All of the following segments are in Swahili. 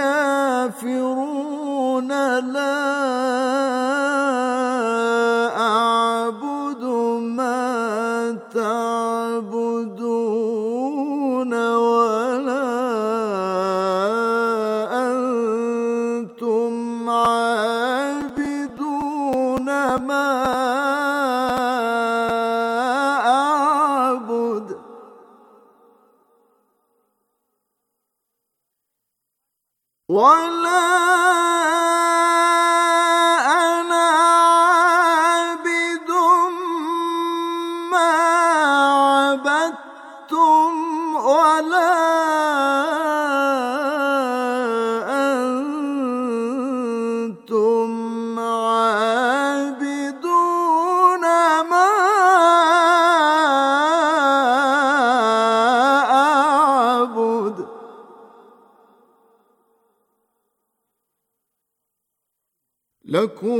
الكافرون لا أعبد ما تعبدون Un coup.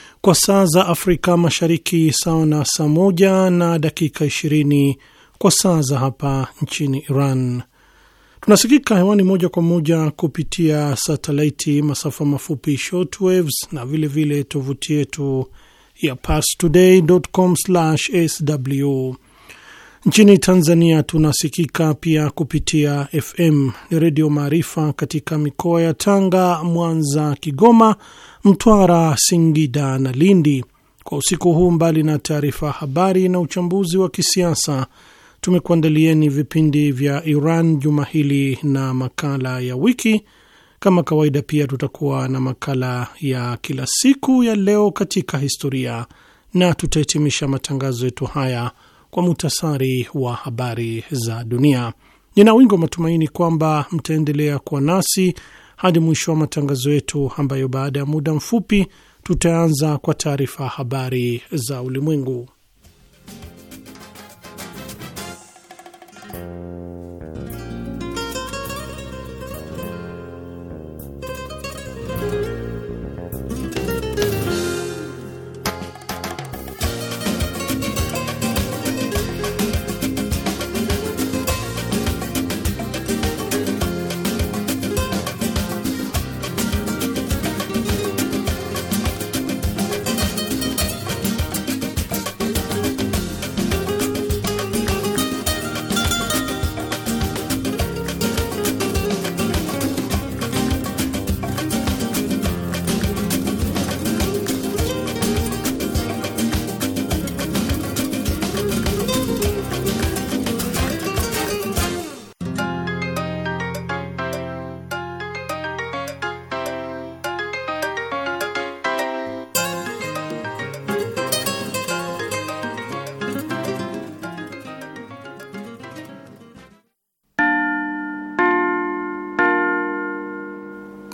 kwa saa za Afrika Mashariki, sawa na saa moja na dakika ishirini kwa saa za hapa nchini Iran. Tunasikika hewani moja kwa moja kupitia satelaiti, masafa mafupi shortwaves, na vilevile tovuti yetu ya parstoday.com/sw. Nchini Tanzania tunasikika pia kupitia FM ni Redio Maarifa katika mikoa ya Tanga, Mwanza, Kigoma Mtwara, Singida na Lindi. Kwa usiku huu, mbali na taarifa ya habari na uchambuzi wa kisiasa, tumekuandalieni vipindi vya Iran juma hili na makala ya wiki. Kama kawaida, pia tutakuwa na makala ya kila siku ya leo katika historia, na tutahitimisha matangazo yetu haya kwa muhtasari wa habari za dunia. Nina wingi wa matumaini kwamba mtaendelea kuwa nasi hadi mwisho wa matangazo yetu, ambayo baada ya muda mfupi tutaanza kwa taarifa habari za ulimwengu.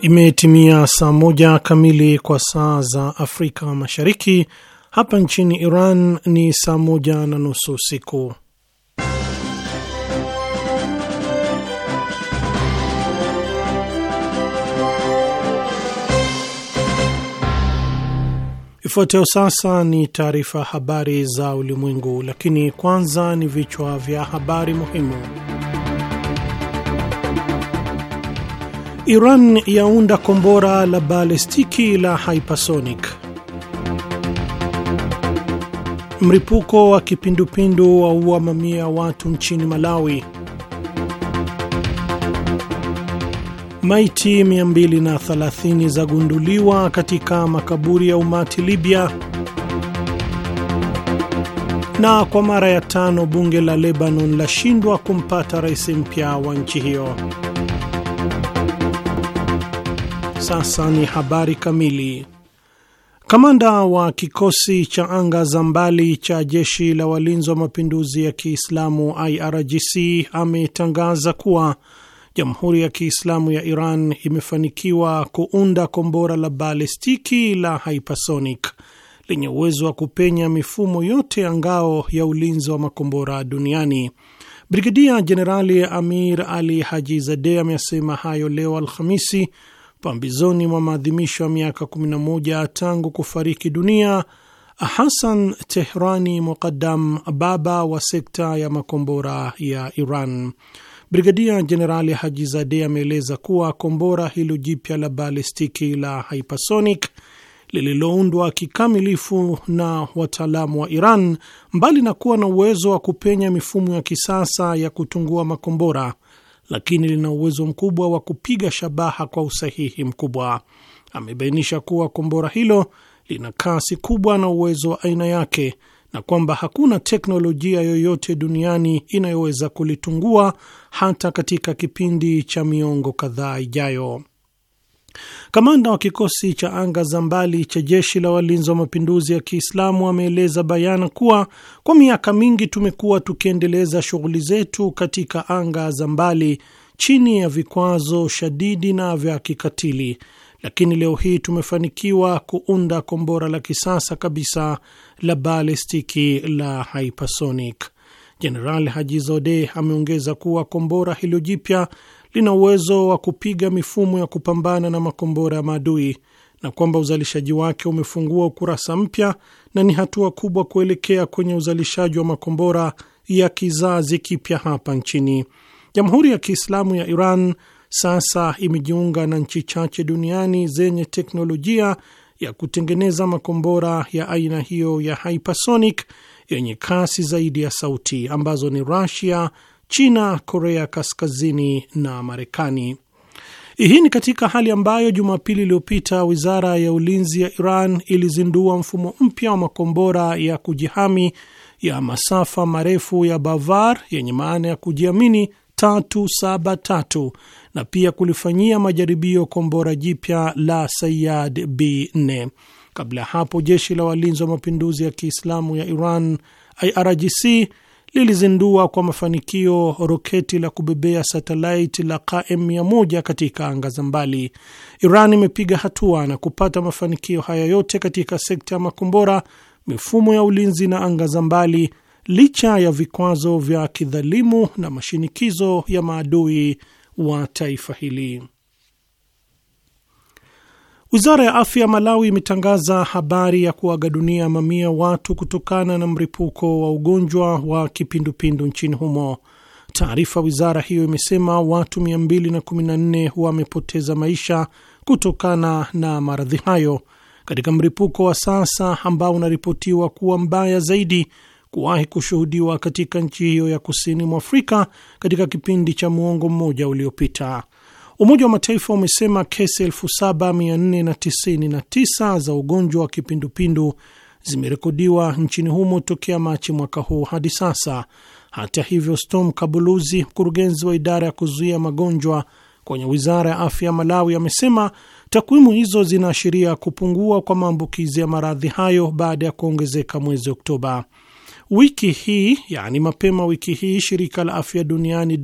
Imetimia saa moja kamili kwa saa za Afrika Mashariki. Hapa nchini Iran ni saa moja na nusu usiku. Ifuatayo sasa ni taarifa habari za ulimwengu, lakini kwanza ni vichwa vya habari muhimu. Iran yaunda kombora la balestiki la hypersonic. Mripuko wa kipindupindu waua mamia ya watu nchini Malawi. Maiti 230 zagunduliwa katika makaburi ya umati Libya. Na kwa mara ya tano bunge la Lebanon lashindwa kumpata rais mpya wa nchi hiyo. Sasa ni habari kamili. Kamanda wa kikosi cha anga za mbali cha jeshi la walinzi wa mapinduzi ya Kiislamu IRGC ametangaza kuwa Jamhuri ya Kiislamu ya Iran imefanikiwa kuunda kombora la balistiki la hypersonic lenye uwezo wa kupenya mifumo yote ya ngao ya ulinzi wa makombora duniani. Brigadia Jenerali Amir Ali Haji Zadeh amesema hayo leo Alhamisi pambizoni mwa maadhimisho ya miaka 11 tangu kufariki dunia Hasan Tehrani Muqaddam, baba wa sekta ya makombora ya Iran. Brigadia Jenerali haji Hajizadeh ameeleza kuwa kombora hilo jipya la balistiki la hypersonic lililoundwa kikamilifu na wataalamu wa Iran, mbali na kuwa na uwezo wa kupenya mifumo ya kisasa ya kutungua makombora lakini lina uwezo mkubwa wa kupiga shabaha kwa usahihi mkubwa. Amebainisha kuwa kombora hilo lina kasi kubwa na uwezo wa aina yake na kwamba hakuna teknolojia yoyote duniani inayoweza kulitungua hata katika kipindi cha miongo kadhaa ijayo. Kamanda wa kikosi cha anga za mbali cha jeshi la walinzi wa mapinduzi ya Kiislamu ameeleza bayana kuwa kwa miaka mingi tumekuwa tukiendeleza shughuli zetu katika anga za mbali chini ya vikwazo shadidi na vya kikatili, lakini leo hii tumefanikiwa kuunda kombora la kisasa kabisa la balistiki la hypersonic. Jeneral Haji zode ameongeza kuwa kombora hilo jipya lina uwezo wa kupiga mifumo ya kupambana na makombora ya maadui na kwamba uzalishaji wake umefungua ukurasa mpya na ni hatua kubwa kuelekea kwenye uzalishaji wa makombora ya kizazi kipya hapa nchini. Jamhuri ya Kiislamu ya Iran sasa imejiunga na nchi chache duniani zenye teknolojia ya kutengeneza makombora ya aina hiyo ya hypersonic yenye kasi zaidi ya sauti ambazo ni Russia, China, Korea Kaskazini na Marekani. Hii ni katika hali ambayo Jumapili iliyopita wizara ya ulinzi ya Iran ilizindua mfumo mpya wa makombora ya kujihami ya masafa marefu ya Bavar yenye maana ya kujiamini 373 na pia kulifanyia majaribio kombora jipya la Sayad B4. Kabla ya hapo jeshi la walinzi wa mapinduzi ya Kiislamu ya Iran IRGC lilizindua kwa mafanikio roketi la kubebea satelaiti la Qaem 100 katika anga za mbali. Iran imepiga hatua na kupata mafanikio haya yote katika sekta ya makombora, mifumo ya ulinzi na anga za mbali, licha ya vikwazo vya kidhalimu na mashinikizo ya maadui wa taifa hili. Wizara ya afya ya Malawi imetangaza habari ya kuaga dunia mamia watu kutokana na mripuko wa ugonjwa wa kipindupindu nchini humo. Taarifa wizara hiyo imesema watu 214 wamepoteza maisha kutokana na maradhi hayo katika mripuko wa sasa ambao unaripotiwa kuwa mbaya zaidi kuwahi kushuhudiwa katika nchi hiyo ya kusini mwa Afrika katika kipindi cha muongo mmoja uliopita. Umoja wa Mataifa umesema kesi 7499 za ugonjwa wa kipindupindu zimerekodiwa nchini humo tokea Machi mwaka huu hadi sasa. Hata hivyo, Storm Kabuluzi, mkurugenzi wa idara ya kuzuia magonjwa kwenye wizara ya afya ya Malawi, amesema takwimu hizo zinaashiria kupungua kwa maambukizi ya maradhi hayo baada ya kuongezeka mwezi Oktoba. Wiki hii, yaani mapema wiki hii, shirika la afya duniani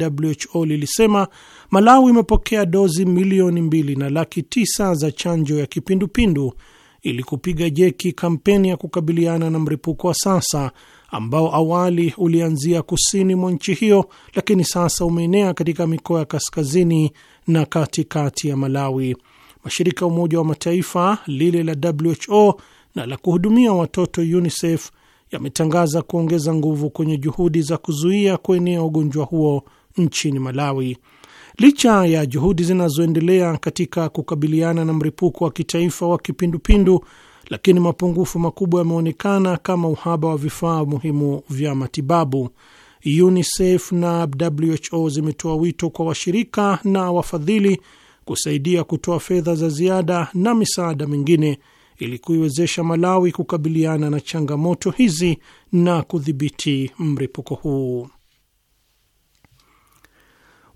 WHO lilisema Malawi imepokea dozi milioni mbili na laki tisa za chanjo ya kipindupindu ili kupiga jeki kampeni ya kukabiliana na mlipuko wa sasa ambao awali ulianzia kusini mwa nchi hiyo, lakini sasa umeenea katika mikoa ya kaskazini na katikati ya Malawi. Mashirika ya Umoja wa Mataifa, lile la WHO na la kuhudumia watoto UNICEF yametangaza kuongeza nguvu kwenye juhudi za kuzuia kuenea ugonjwa huo nchini Malawi. Licha ya juhudi zinazoendelea katika kukabiliana na mripuko wa kitaifa wa kipindupindu, lakini mapungufu makubwa yameonekana kama uhaba wa vifaa muhimu vya matibabu. UNICEF na WHO zimetoa wito kwa washirika na wafadhili kusaidia kutoa fedha za ziada na misaada mingine ili kuiwezesha Malawi kukabiliana na changamoto hizi na kudhibiti mripuko huu.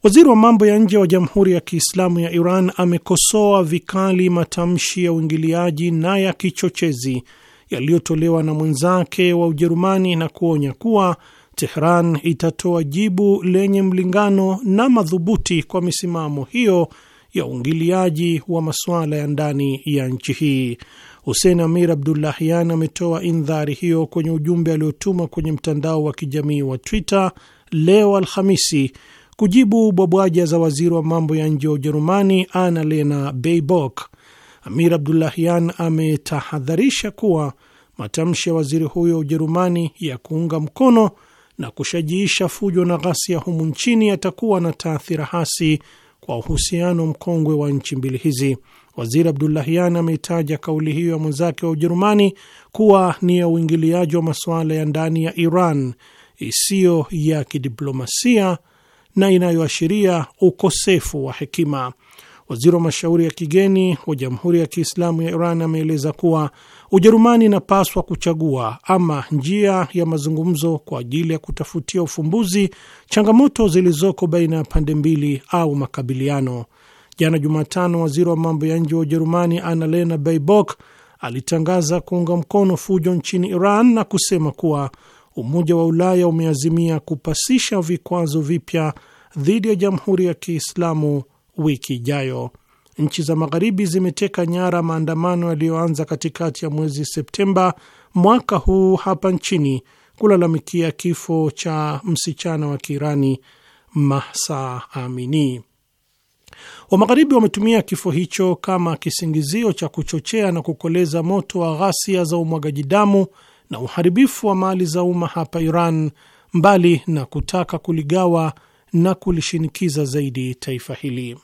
Waziri wa mambo ya nje wa Jamhuri ya Kiislamu ya Iran amekosoa vikali matamshi ya uingiliaji na ya kichochezi yaliyotolewa na mwenzake wa Ujerumani na kuonya kuwa Tehran itatoa jibu lenye mlingano na madhubuti kwa misimamo hiyo ya uingiliaji wa masuala ya ndani ya nchi hii. Hussein Amir Abdullahian ametoa indhari hiyo kwenye ujumbe aliotuma kwenye mtandao wa kijamii wa Twitter leo Alhamisi kujibu bwabwaja za waziri wa mambo ya nje wa Ujerumani Annalena Baerbock. Amir Abdullahian ametahadharisha kuwa matamshi ya waziri huyo wa Ujerumani ya kuunga mkono na kushajiisha fujo na ghasia humu nchini yatakuwa na taathira hasi kwa uhusiano mkongwe wa nchi mbili hizi. Waziri Abdullahian ameitaja kauli hiyo ya mwenzake wa Ujerumani kuwa ni ya uingiliaji wa masuala ya ndani ya Iran isiyo ya kidiplomasia na inayoashiria ukosefu wa hekima. Waziri wa mashauri ya kigeni wa Jamhuri ya Kiislamu ya Iran ameeleza kuwa Ujerumani inapaswa kuchagua ama njia ya mazungumzo kwa ajili ya kutafutia ufumbuzi changamoto zilizoko baina ya pande mbili au makabiliano. Jana Jumatano, waziri wa mambo ya nje wa Ujerumani Annalena Baerbock alitangaza kuunga mkono fujo nchini Iran na kusema kuwa Umoja wa Ulaya umeazimia kupasisha vikwazo vipya dhidi ya Jamhuri ya Kiislamu wiki ijayo. Nchi za Magharibi zimeteka nyara maandamano yaliyoanza katikati ya mwezi Septemba mwaka huu hapa nchini kulalamikia kifo cha msichana wa Kiirani Mahsa Amini. Wa Magharibi wametumia kifo hicho kama kisingizio cha kuchochea na kukoleza moto wa ghasia za umwagaji damu na uharibifu wa mali za umma hapa Iran, mbali na kutaka kuligawa na kulishinikiza zaidi taifa hili.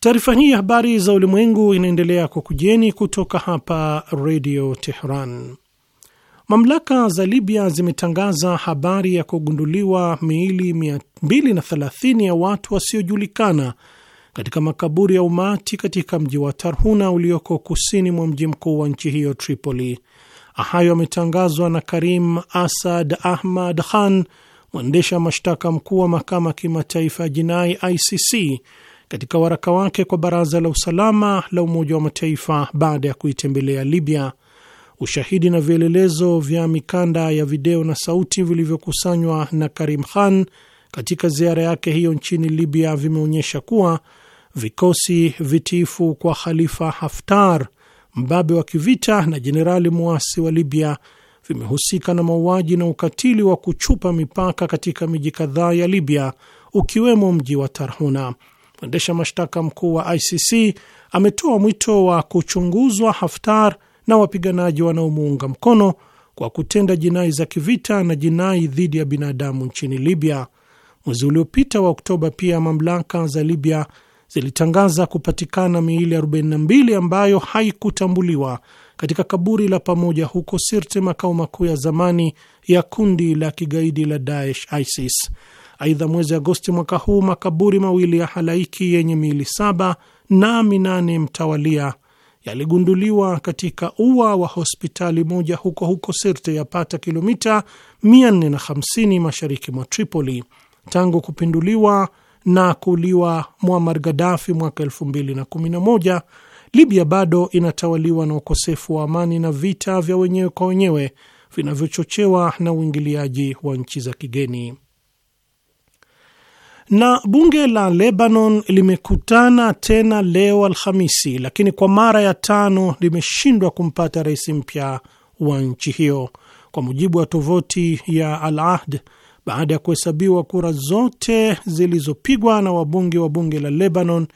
Taarifa hii ya habari za ulimwengu inaendelea kukujeni kutoka hapa Redio Tehran. Mamlaka za Libya zimetangaza habari ya kugunduliwa miili 230 ya watu wasiojulikana katika makaburi ya umati katika mji wa Tarhuna ulioko kusini mwa mji mkuu wa nchi hiyo Tripoli. Hayo yametangazwa na Karim Asad Ahmad Khan, mwendesha mashtaka mkuu wa mahakama ya kimataifa ya jinai ICC, katika waraka wake kwa Baraza la Usalama la Umoja wa Mataifa baada ya kuitembelea Libya. Ushahidi na vielelezo vya mikanda ya video na sauti vilivyokusanywa na Karim Khan katika ziara yake hiyo nchini Libya vimeonyesha kuwa vikosi vitiifu kwa Khalifa Haftar mbabe wa kivita na jenerali mwasi wa Libya vimehusika na mauaji na ukatili wa kuchupa mipaka katika miji kadhaa ya Libya ukiwemo mji wa Tarhuna. Mwendesha mashtaka mkuu wa ICC ametoa mwito wa kuchunguzwa Haftar na wapiganaji wanaomuunga mkono kwa kutenda jinai za kivita na jinai dhidi ya binadamu nchini Libya. Mwezi uliopita wa Oktoba, pia mamlaka za Libya zilitangaza kupatikana miili 42 ambayo haikutambuliwa katika kaburi la pamoja huko Sirte, makao makuu ya zamani ya kundi la kigaidi la Daesh ISIS. Aidha, mwezi Agosti mwaka huu makaburi mawili ya halaiki yenye miili saba na minane mtawalia yaligunduliwa katika ua wa hospitali moja huko huko Sirte, yapata kilomita 450 mashariki mwa Tripoli. Tangu kupinduliwa na kuuliwa Muammar Gaddafi mwaka moja, Libya bado inatawaliwa na ukosefu wa amani na vita vya wenyewe kwa wenyewe vinavyochochewa na uingiliaji wa nchi za kigeni. Na bunge la Lebanon limekutana tena leo Alhamisi, lakini kwa mara ya tano limeshindwa kumpata rais mpya wa nchi hiyo. Kwa mujibu wa tovuti ya Al Ahd, baada ya kuhesabiwa kura zote zilizopigwa na wabunge wa bunge la Lebanon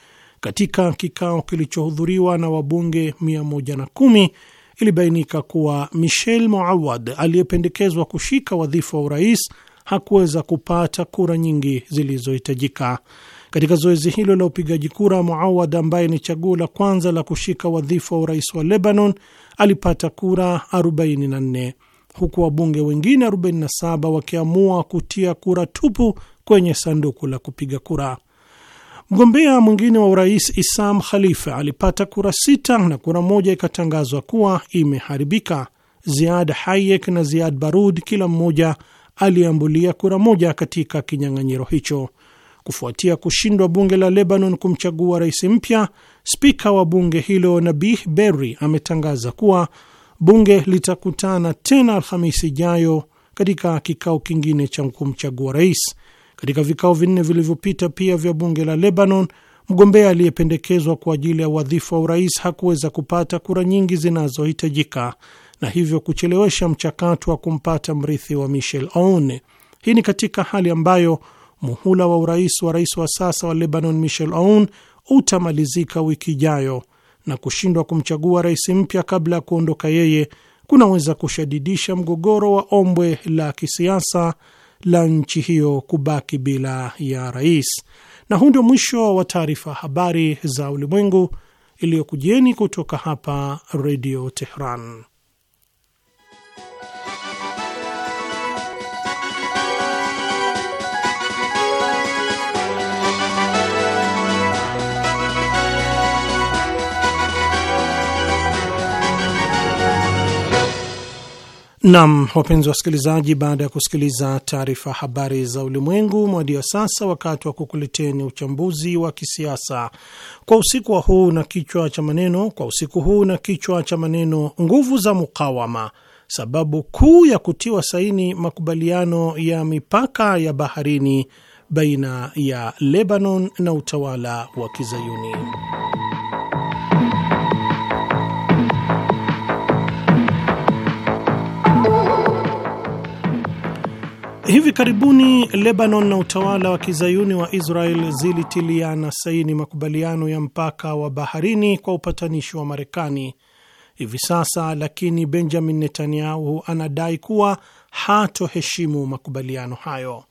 katika kikao kilichohudhuriwa na wabunge 110 ilibainika kuwa Michel Muawad aliyependekezwa kushika wadhifa wa urais hakuweza kupata kura nyingi zilizohitajika. Katika zoezi hilo la upigaji kura, Muawad ambaye ni chaguo la kwanza la kushika wadhifa wa urais wa Lebanon alipata kura 44 huku wabunge wengine 47 wakiamua kutia kura tupu kwenye sanduku la kupiga kura. Mgombea mwingine wa urais Isam Khalifa alipata kura sita na kura moja ikatangazwa kuwa imeharibika. Ziad Hayek na Ziad Barud kila mmoja aliambulia kura moja katika kinyang'anyiro hicho. Kufuatia kushindwa bunge la Lebanon kumchagua rais mpya, spika wa bunge hilo Nabih Berri ametangaza kuwa bunge litakutana tena Alhamisi ijayo katika kikao kingine cha kumchagua rais. Katika vikao vinne vilivyopita pia vya bunge la Lebanon, mgombea aliyependekezwa kwa ajili ya wadhifa wa urais hakuweza kupata kura nyingi zinazohitajika na hivyo kuchelewesha mchakato wa kumpata mrithi wa Michel Aoun. Hii ni katika hali ambayo muhula wa urais wa rais wa sasa wa Lebanon Michel Aoun utamalizika wiki ijayo na kushindwa kumchagua rais mpya kabla ya kuondoka yeye kunaweza kushadidisha mgogoro wa ombwe la kisiasa la nchi hiyo kubaki bila ya rais. Na huu ndio mwisho wa taarifa habari za ulimwengu iliyokujieni kutoka hapa Redio Tehran. Nam, wapenzi wasikilizaji, baada ya kusikiliza taarifa habari za ulimwengu, mwadi wa sasa wakati wa kukuleteni uchambuzi wa kisiasa kwa usiku wa huu na kichwa cha maneno kwa usiku huu na kichwa cha maneno nguvu za mukawama, sababu kuu ya kutiwa saini makubaliano ya mipaka ya baharini baina ya Lebanon na utawala wa Kizayuni. Hivi karibuni Lebanon na utawala wa kizayuni wa Israel zilitiliana saini makubaliano ya mpaka wa baharini kwa upatanishi wa Marekani hivi sasa, lakini Benjamin Netanyahu anadai kuwa hatoheshimu makubaliano hayo.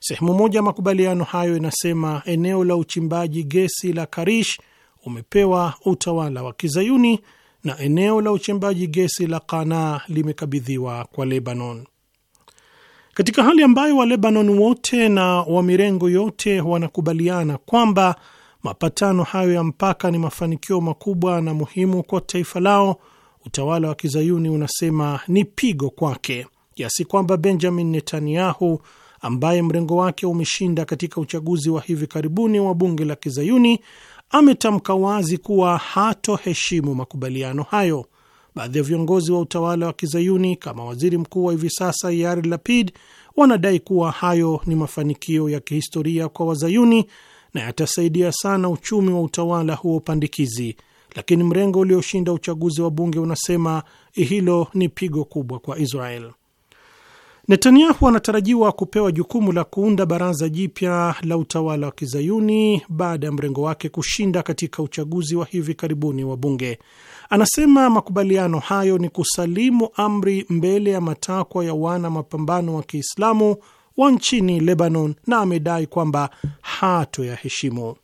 Sehemu moja ya makubaliano hayo inasema eneo la uchimbaji gesi la Karish umepewa utawala wa kizayuni na eneo la uchimbaji gesi la Qana limekabidhiwa kwa Lebanon katika hali ambayo Walebanon wote na wa mirengo yote wanakubaliana kwamba mapatano hayo ya mpaka ni mafanikio makubwa na muhimu kwa taifa lao. Utawala wa kizayuni unasema ni pigo kwake, kiasi kwamba Benjamin Netanyahu ambaye mrengo wake umeshinda katika uchaguzi wa hivi karibuni wa bunge la kizayuni ametamka wazi kuwa hatoheshimu makubaliano hayo. Baadhi ya viongozi wa utawala wa kizayuni kama waziri mkuu wa hivi sasa Yair Lapid wanadai kuwa hayo ni mafanikio ya kihistoria kwa wazayuni na yatasaidia sana uchumi wa utawala huo pandikizi, lakini mrengo ulioshinda uchaguzi wa bunge unasema hilo ni pigo kubwa kwa Israel. Netanyahu anatarajiwa kupewa jukumu la kuunda baraza jipya la utawala wa kizayuni baada ya mrengo wake kushinda katika uchaguzi wa hivi karibuni wa bunge. Anasema makubaliano hayo ni kusalimu amri mbele ya matakwa ya wana mapambano wa Kiislamu wa nchini Lebanon, na amedai kwamba hatoyaheshimu.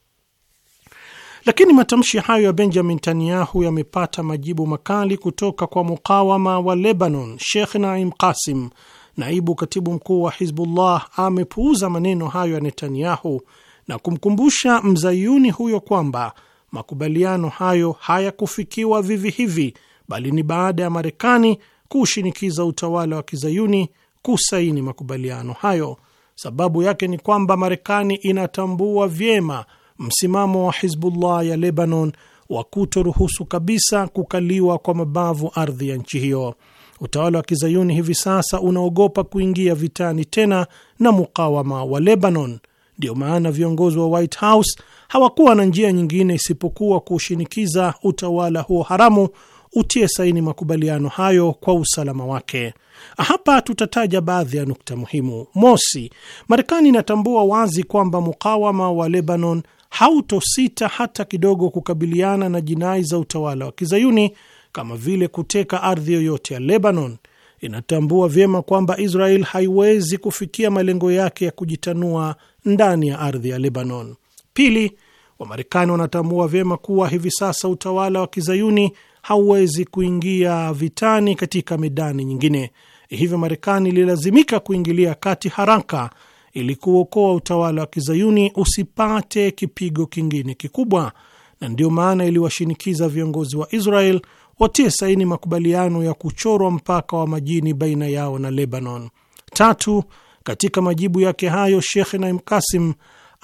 Lakini matamshi hayo ya Benjamin Netanyahu yamepata majibu makali kutoka kwa mukawama wa Lebanon. Sheikh Naim Qasim, naibu katibu mkuu wa Hizbullah, amepuuza maneno hayo ya Netanyahu na kumkumbusha mzayuni huyo kwamba makubaliano hayo hayakufikiwa vivi hivi, bali ni baada ya Marekani kushinikiza utawala wa kizayuni kusaini makubaliano hayo. Sababu yake ni kwamba Marekani inatambua vyema msimamo wa Hizbullah ya Lebanon wa kutoruhusu kabisa kukaliwa kwa mabavu ardhi ya nchi hiyo. Utawala wa kizayuni hivi sasa unaogopa kuingia vitani tena na mukawama wa Lebanon. Ndiyo maana viongozi wa White House hawakuwa na njia nyingine isipokuwa kushinikiza utawala huo haramu utie saini makubaliano hayo kwa usalama wake. Hapa tutataja baadhi ya nukta muhimu. Mosi, Marekani inatambua wazi kwamba mukawama wa Lebanon hautosita hata kidogo kukabiliana na jinai za utawala wa kizayuni kama vile kuteka ardhi yoyote ya Lebanon. Inatambua vyema kwamba Israel haiwezi kufikia malengo yake ya kujitanua ndani ya ardhi ya Lebanon. Pili, Wamarekani wanatambua vyema kuwa hivi sasa utawala wa kizayuni hauwezi kuingia vitani katika medani nyingine, hivyo Marekani ililazimika kuingilia kati haraka ili kuokoa utawala wa kizayuni usipate kipigo kingine kikubwa, na ndiyo maana iliwashinikiza viongozi wa Israel watie saini makubaliano ya kuchorwa mpaka wa majini baina yao na Lebanon. Tatu, katika majibu yake hayo, Shekh Naim Kasim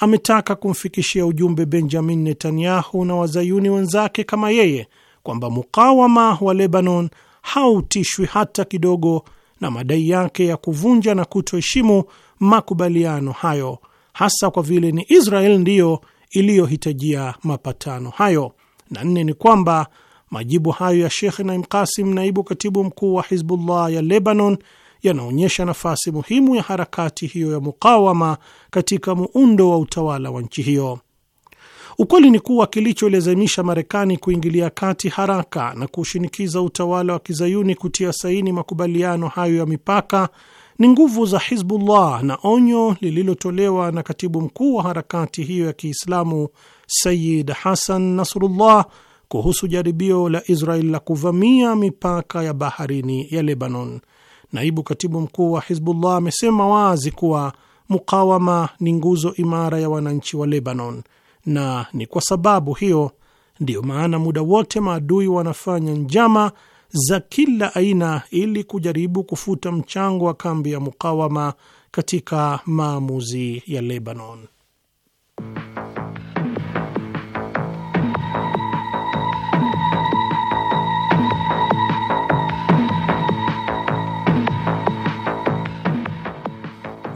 ametaka kumfikishia ujumbe Benjamin Netanyahu na wazayuni wenzake kama yeye kwamba mukawama wa Lebanon hautishwi hata kidogo na madai yake ya kuvunja na kutoheshimu makubaliano hayo, hasa kwa vile ni Israel ndiyo iliyohitajia mapatano hayo. Na nne ni kwamba majibu hayo ya Shekh Naim Kasim, naibu katibu mkuu wa Hizbullah ya Lebanon, yanaonyesha nafasi muhimu ya harakati hiyo ya mukawama katika muundo wa utawala wa nchi hiyo. Ukweli ni kuwa kilicholazimisha Marekani kuingilia kati haraka na kushinikiza utawala wa kizayuni kutia saini makubaliano hayo ya mipaka ni nguvu za Hizbullah na onyo lililotolewa na katibu mkuu wa harakati hiyo ya Kiislamu Sayid Hasan Nasrullah kuhusu jaribio la Israel la kuvamia mipaka ya baharini ya Lebanon. Naibu katibu mkuu wa Hizbullah amesema wazi kuwa mukawama ni nguzo imara ya wananchi wa Lebanon, na ni kwa sababu hiyo ndiyo maana muda wote maadui wanafanya njama za kila aina ili kujaribu kufuta mchango wa kambi ya mukawama katika maamuzi ya Lebanon.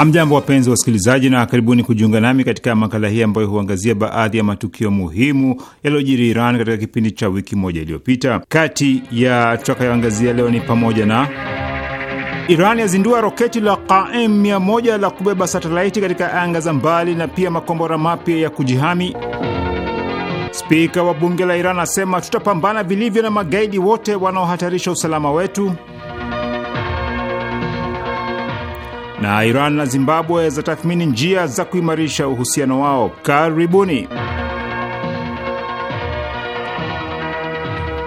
Hamjambo, wapenzi wa wasikilizaji, na karibuni kujiunga nami katika makala hii ambayo huangazia baadhi ya matukio muhimu yaliyojiri Iran katika kipindi cha wiki moja iliyopita. Kati ya tutakayoangazia leo ni pamoja na Iran yazindua roketi la Qaem 1 la kubeba satelaiti katika anga za mbali na pia makombora mapya ya kujihami. Spika wa bunge la Iran asema tutapambana vilivyo na magaidi wote wanaohatarisha usalama wetu. na Iran na Zimbabwe zatathmini njia za kuimarisha uhusiano wao. Karibuni.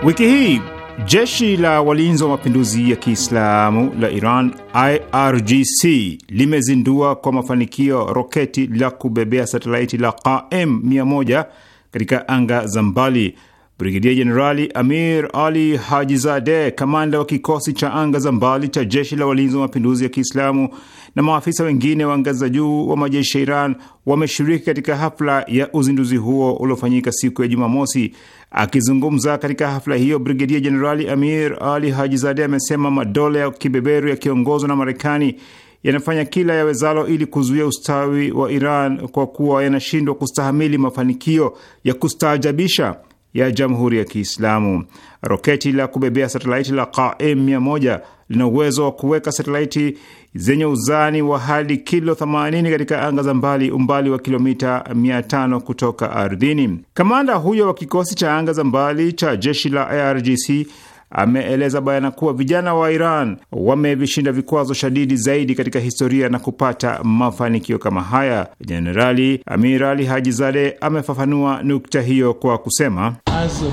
Wiki hii jeshi la walinzi wa mapinduzi ya Kiislamu la Iran IRGC limezindua kwa mafanikio roketi la kubebea satelaiti la Qaem 100 katika anga za mbali. Brigedia Jenerali Amir Ali Hajizadeh, kamanda wa kikosi cha anga za mbali cha jeshi la walinzi wa mapinduzi ya Kiislamu na maafisa wengine wa ngazi za juu wa majeshi ya Iran wameshiriki katika hafla ya uzinduzi huo uliofanyika siku ya Jumamosi. Akizungumza katika hafla hiyo, Brigedia Jenerali Amir Ali Hajizade amesema madola ya kibeberu yakiongozwa na Marekani yanafanya kila yawezalo ili kuzuia ustawi wa Iran kwa kuwa yanashindwa kustahamili mafanikio ya kustaajabisha ya Jamhuri ya Kiislamu. Roketi la kubebea satelaiti la Qaem 100 lina uwezo wa kuweka satelaiti zenye uzani wa hadi kilo 80 katika anga za mbali, umbali wa kilomita 500 kutoka ardhini. Kamanda huyo wa kikosi cha anga za mbali cha jeshi la IRGC ameeleza bayana kuwa vijana wa Iran wamevishinda vikwazo shadidi zaidi katika historia na kupata mafanikio kama haya. Jenerali Amir Ali Haji Zade amefafanua nukta hiyo kwa kusema As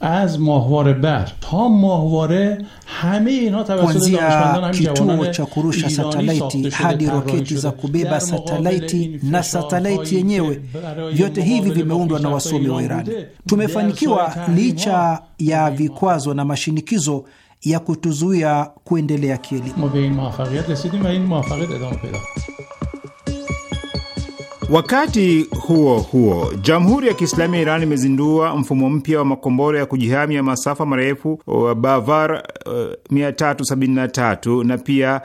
از ماهواره بعد تا ماهواره همه اینا توسط دانشمندان هم جوانان kituo cha satelaiti hadi roketi za kubeba satelaiti na yenyewe, vyote hivi vimeundwa na wasomi wa Iran. Tumefanikiwa licha ya vikwazo na mashinikizo ya kutuzuia kuendelea kielimu. Wakati huo huo, Jamhuri ya Kiislamu ya Iran imezindua mfumo mpya wa makombora ya kujihami ya masafa marefu wa Bavar uh, 373 na pia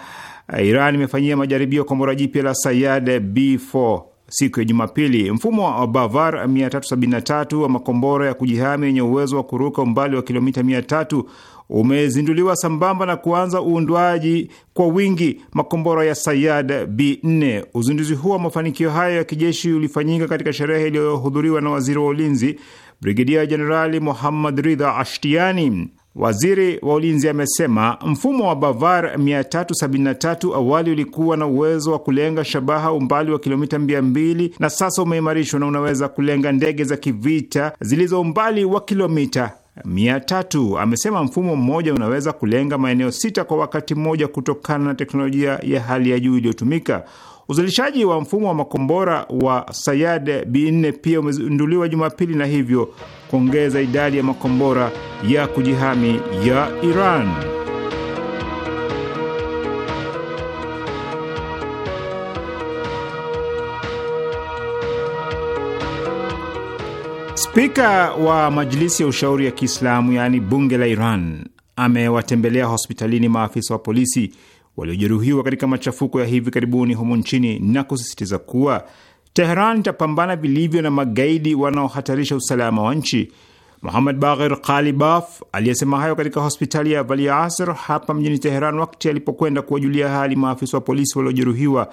uh, Iran imefanyia majaribio kombora jipya la Sayad B4 siku ya Jumapili. Mfumo wa Bavar 373 wa makombora ya kujihami yenye uwezo wa kuruka umbali wa kilomita umezinduliwa sambamba na kuanza uundwaji kwa wingi makombora ya Sayad B4. Uzinduzi huo wa mafanikio hayo ya kijeshi ulifanyika katika sherehe iliyohudhuriwa na waziri wa ulinzi Brigedia Jenerali Muhammad Ridha Ashtiani. Waziri wa ulinzi amesema mfumo wa Bavar 373 awali ulikuwa na uwezo wa kulenga shabaha umbali wa kilomita 200 na sasa umeimarishwa na unaweza kulenga ndege za kivita zilizo umbali wa kilomita mia tatu. Amesema mfumo mmoja unaweza kulenga maeneo sita kwa wakati mmoja kutokana na teknolojia ya hali ya juu iliyotumika. Uzalishaji wa mfumo wa makombora wa Sayad B4 pia umezinduliwa Jumapili na hivyo kuongeza idadi ya makombora ya kujihami ya Iran. Spika wa Majilisi ya Ushauri ya Kiislamu, yaani bunge la Iran, amewatembelea hospitalini maafisa wa polisi waliojeruhiwa katika machafuko ya hivi karibuni humu nchini na kusisitiza kuwa Teheran itapambana vilivyo na magaidi wanaohatarisha usalama wa nchi. Muhammad Baghir Qalibaf aliyesema hayo katika hospitali ya Vali Asr hapa mjini Teheran wakati alipokwenda kuwajulia hali maafisa wa polisi waliojeruhiwa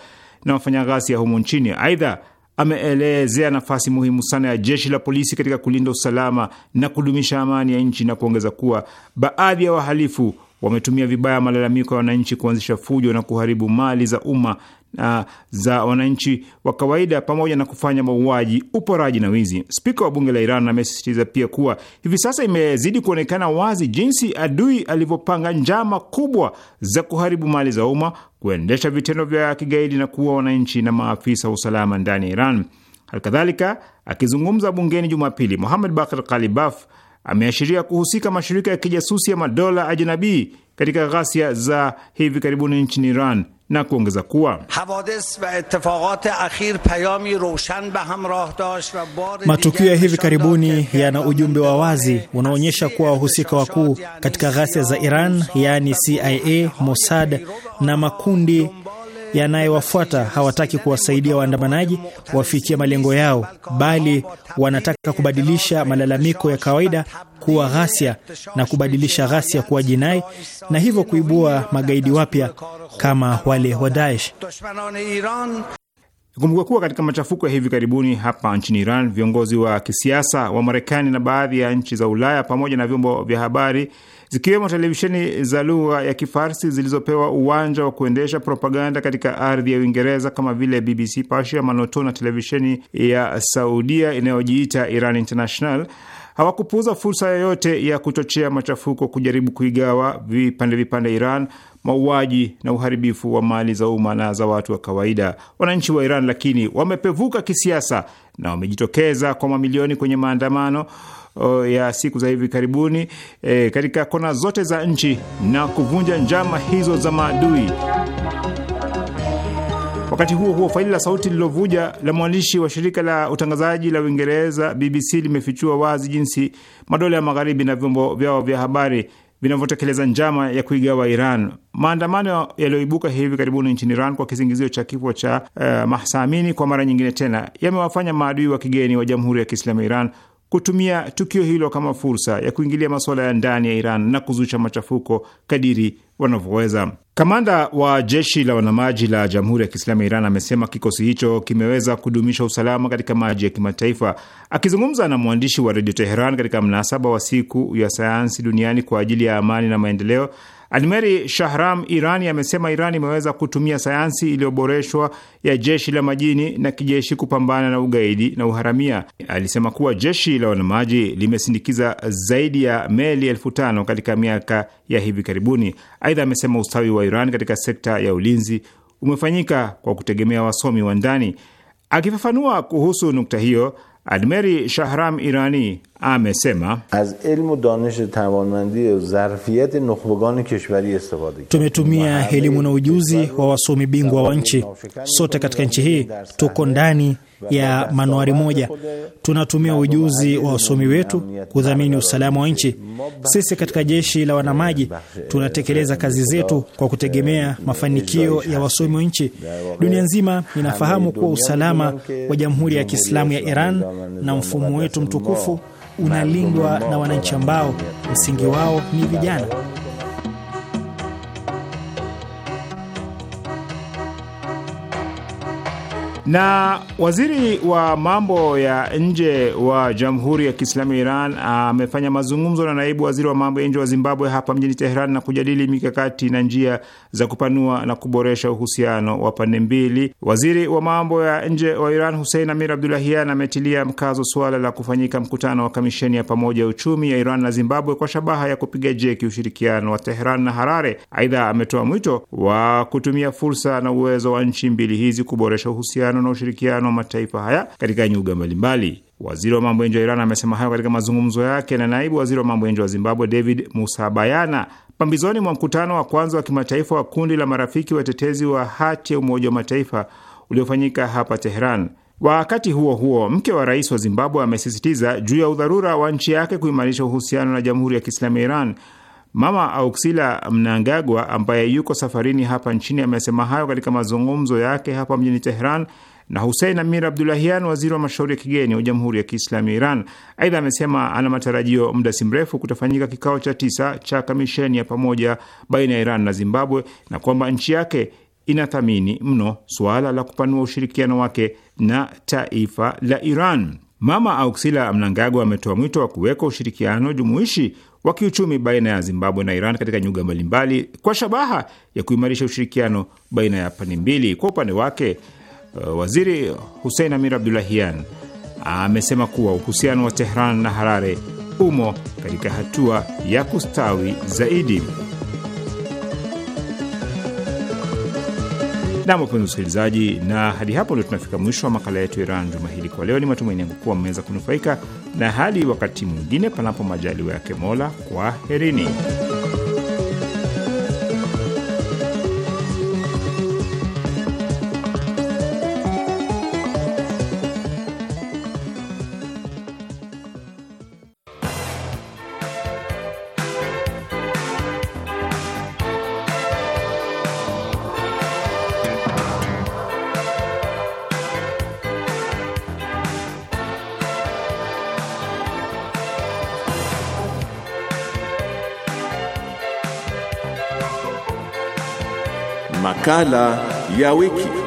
na ya humu nchini. Aidha, ameelezea nafasi muhimu sana ya jeshi la polisi katika kulinda usalama na kudumisha amani ya nchi na kuongeza kuwa baadhi ya wahalifu wametumia vibaya malalamiko ya wananchi kuanzisha fujo na kuharibu mali za umma uh, za wananchi wa kawaida pamoja na kufanya mauaji, uporaji na wizi. Spika wa bunge la Iran amesisitiza pia kuwa hivi sasa imezidi kuonekana wazi jinsi adui alivyopanga njama kubwa za kuharibu mali za umma, kuendesha vitendo vya kigaidi na kuua wananchi na maafisa wa usalama ndani ya Iran. Halikadhalika, akizungumza bungeni Jumapili, Muhamed Bakr Kalibaf ameashiria kuhusika mashirika ya kijasusi ya madola ajnabii katika ghasia za hivi karibuni nchini Iran na kuongeza kuwa matukio ya hivi karibuni yana ujumbe wa wazi unaonyesha kuwa wahusika wakuu katika ghasia za Iran yaani CIA, Mossad na makundi yanayowafuata hawataki kuwasaidia waandamanaji wafikie malengo yao, bali wanataka kubadilisha malalamiko ya kawaida kuwa ghasia na kubadilisha ghasia kuwa jinai na hivyo kuibua magaidi wapya kama wale wa Daesh. Kumbuka kuwa katika machafuko ya hivi karibuni hapa nchini Iran, viongozi wa kisiasa wa Marekani na baadhi ya nchi za Ulaya pamoja na vyombo vya habari zikiwemo televisheni za lugha ya Kifarsi zilizopewa uwanja wa kuendesha propaganda katika ardhi ya Uingereza kama vile BBC Persia, Manoto na televisheni ya Saudia inayojiita Iran International hawakupuuza fursa yoyote ya kuchochea machafuko, kujaribu kuigawa vipande vipande Iran, mauaji na uharibifu wa mali za umma na za watu wa kawaida. Wananchi wa Iran lakini wamepevuka kisiasa na wamejitokeza kwa mamilioni kwenye maandamano ya siku za hivi karibuni e, katika kona zote za nchi na kuvunja njama hizo za maadui. Wakati huo huo, faili la sauti lililovuja la mwandishi wa shirika la utangazaji la Uingereza BBC limefichua wazi jinsi madola ya magharibi na vyombo vyao vya habari vinavyotekeleza njama ya kuigawa Iran. Maandamano yaliyoibuka hivi karibuni nchini Iran kwa kisingizio cha kifo cha uh, Mahsa Amini kwa mara nyingine tena yamewafanya maadui wa kigeni wa Jamhuri ya Kiislamu ya Iran kutumia tukio hilo kama fursa ya kuingilia masuala ya ndani ya Iran na kuzusha machafuko kadiri wanavyoweza. Kamanda wa jeshi la wanamaji la Jamhuri ya Kiislamu ya Iran amesema kikosi hicho kimeweza kudumisha usalama katika maji ya kimataifa. Akizungumza na mwandishi wa redio Teheran katika mnasaba wa siku ya sayansi duniani kwa ajili ya amani na maendeleo Admeri Shahram Irani amesema Iran imeweza kutumia sayansi iliyoboreshwa ya jeshi la majini na kijeshi kupambana na ugaidi na uharamia. Alisema kuwa jeshi la wanamaji limesindikiza zaidi ya meli elfu tano katika miaka ya hivi karibuni. Aidha, amesema ustawi wa Iran katika sekta ya ulinzi umefanyika kwa kutegemea wasomi wa ndani. Akifafanua kuhusu nukta hiyo, Admeri Shahram Irani amesema tumetumia elimu na ujuzi wa wasomi bingwa wa nchi. Sote katika nchi hii tuko ndani ya manuari moja. Tunatumia ujuzi wa wasomi wetu kudhamini usalama wa nchi. Sisi katika jeshi la wanamaji tunatekeleza kazi zetu kwa kutegemea mafanikio ya wasomi wa nchi. Dunia nzima inafahamu kuwa usalama wa Jamhuri ya Kiislamu ya Iran na mfumo wetu mtukufu unalindwa na wananchi ambao msingi wao ni vijana. Na waziri wa mambo ya nje wa Jamhuri ya Kiislamu ya Iran amefanya mazungumzo na naibu waziri wa mambo ya nje wa Zimbabwe hapa mjini Teheran na kujadili mikakati na njia za kupanua na kuboresha uhusiano wa pande mbili. Waziri wa mambo ya nje wa Iran Hussein Amir Abdulahian ametilia mkazo suala la kufanyika mkutano wa kamisheni ya pamoja ya uchumi ya Iran na Zimbabwe kwa shabaha ya kupiga jeki ushirikiano wa Teheran na Harare. Aidha, ametoa mwito wa kutumia fursa na uwezo wa nchi mbili hizi kuboresha uhusiano maelewano na ushirikiano wa mataifa haya katika nyuga mbalimbali. Waziri wa mambo ya nje wa Iran amesema hayo katika mazungumzo yake na naibu waziri wa mambo ya nje wa Zimbabwe David Musabayana pambizoni mwa mkutano wa kwanza wa kimataifa wa kundi la marafiki watetezi wa hati ya Umoja wa Mataifa uliofanyika hapa Teheran. Wakati huo huo, mke wa rais wa Zimbabwe amesisitiza juu ya udharura wa nchi yake kuimarisha uhusiano na Jamhuri ya Kiislamu ya Iran. Mama Auxila Mnangagwa ambaye yuko safarini hapa nchini amesema hayo katika mazungumzo yake hapa mjini Teheran na Husein Amir Abdulahian, waziri wa mashauri ya kigeni wa Jamhuri ya Kiislamu ya Iran. Aidha, amesema ana matarajio muda si mrefu kutafanyika kikao cha tisa cha kamisheni ya pamoja baina ya Iran na Zimbabwe na kwamba nchi yake inathamini mno suala la kupanua ushirikiano wake na taifa la Iran. Mama Auxila Mnangagwa ametoa mwito wa kuweka ushirikiano jumuishi wa kiuchumi baina ya Zimbabwe na Iran katika nyuga mbalimbali kwa shabaha ya kuimarisha ushirikiano baina ya pande mbili. Kwa upande wake Uh, Waziri Hussein Amir Abdullahian amesema kuwa uhusiano wa Tehran na Harare umo katika hatua ya kustawi zaidi. Nam, wapenzi usikilizaji, na hadi hapo ndio tunafika mwisho wa makala yetu Iran juma hili. Kwa leo, ni matumaini yangu kuwa mmeweza kunufaika, na hadi wakati mwingine, panapo majaliwa yake Mola, kwaherini. makala ya wiki.